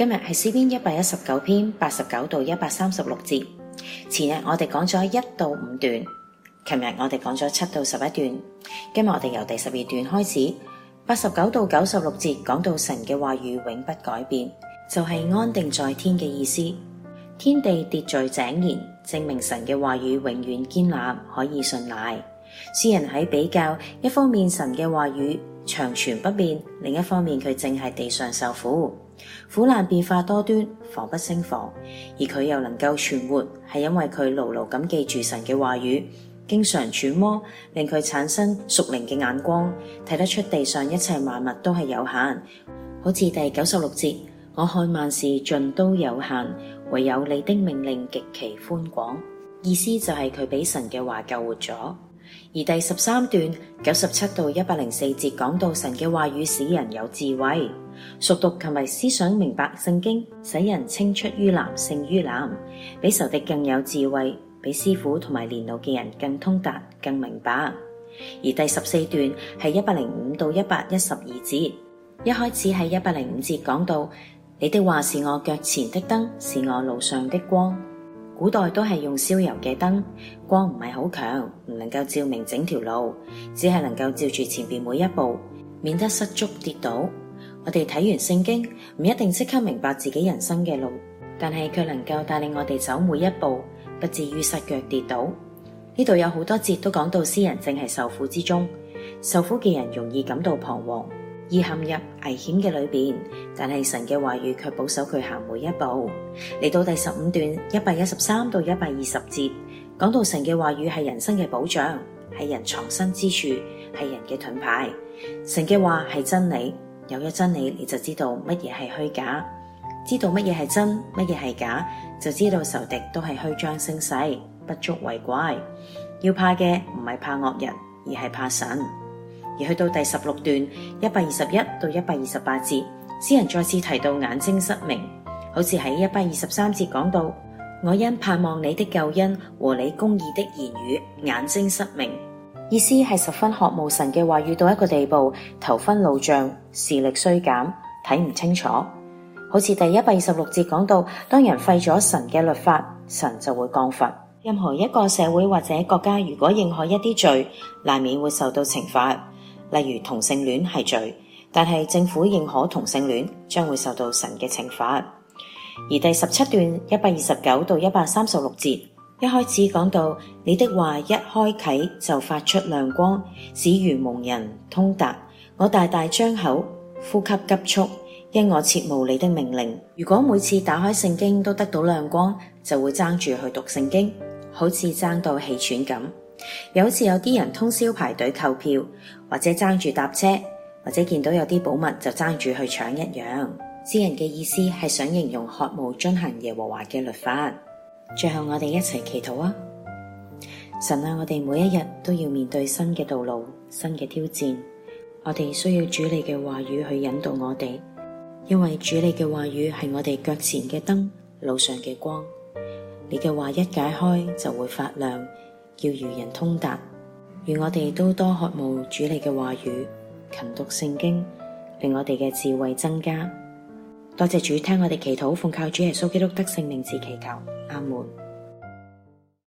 今日係詩篇一百一十九篇八十九到一百三十六節。前日我哋講咗一到五段，琴日我哋講咗七到十一段。今日我哋由第十二段開始，八十九到九十六節講到神嘅話語永不改變，就係安定在天嘅意思。天地秩序井然，證明神嘅話語永遠堅立，可以信賴。詩人喺比較一方面，神嘅話語長存不變；另一方面，佢正係地上受苦。苦難變化多端，防不勝防，而佢又能夠存活，係因為佢牢牢咁記住神嘅話語，經常揣摩，令佢產生屬靈嘅眼光，睇得出地上一切萬物都係有限。好似第九十六節，我看萬事盡都有限，唯有你的命令極其寬廣。意思就係佢俾神嘅話救活咗。而第十三段九十七到一百零四節講到神嘅話語使人有智慧，熟讀同埋思想明白聖經，使人青出於藍勝於藍，比仇敵更有智慧，比師傅同埋年老嘅人更通達、更明白。而第十四段係一百零五到一百一十二節，一開始係一百零五節講到你的話是我腳前的燈，是我路上的光。古代都係用燒油嘅燈，光唔係好強，唔能夠照明整條路，只係能夠照住前面每一步，免得失足跌倒。我哋睇完聖經，唔一定即刻明白自己人生嘅路，但係卻能夠帶領我哋走每一步，不至於失腳跌倒。呢度有好多節都講到，詩人正係受苦之中，受苦嘅人容易感到彷徨。而陷入危險嘅裏面，但係神嘅話語卻保守佢行每一步。嚟到第十五段一百一十三到一百二十字，講到神嘅話語係人生嘅保障，係人藏身之處，係人嘅盾牌。神嘅話係真理，有咗真理你就知道乜嘢係虛假，知道乜嘢係真，乜嘢係假，就知道仇敵都係虛張聲勢，不足為怪。要怕嘅唔係怕惡人，而係怕神。而去到第十六段一百二十一到一百二十八節，詩人再次提到眼睛失明，好似喺一百二十三節講到，我因盼望你的救恩和你公義的言語，眼睛失明，意思係十分渴慕神嘅話語到一個地步，頭昏腦脹，視力衰減，睇唔清楚。好似第一百二十六節講到，當人廢咗神嘅律法，神就會降罰。任何一個社會或者國家，如果認可一啲罪，難免會受到懲罰。例如同性戀係罪，但係政府認可同性戀，將會受到神嘅懲罰。而第十七段一百二十九到一百三十六節一開始講到，你的話一開啟就發出亮光，使愚蒙人通達。我大大張口，呼吸急促，因我切慕你的命令。如果每次打開聖經都得到亮光，就會爭住去讀聖經，好似爭到氣喘咁。有次有啲人通宵排隊購票，或者爭住搭車，或者見到有啲寶物就爭住去搶一樣。詩人嘅意思係想形容渴慕遵行耶和華嘅律法。最後我哋一齊祈禱啊！神啊，我哋每一日都要面對新嘅道路、新嘅挑戰，我哋需要主理嘅話語去引導我哋，因為主理嘅話語係我哋腳前嘅燈，路上嘅光。你嘅話一解開就會發亮。要愚人通達。願我哋都多渴慕主你嘅話語，勤讀聖經，令我哋嘅智慧增加。多謝主聽我哋祈禱，奉靠主耶穌基督得勝名字祈求，阿門。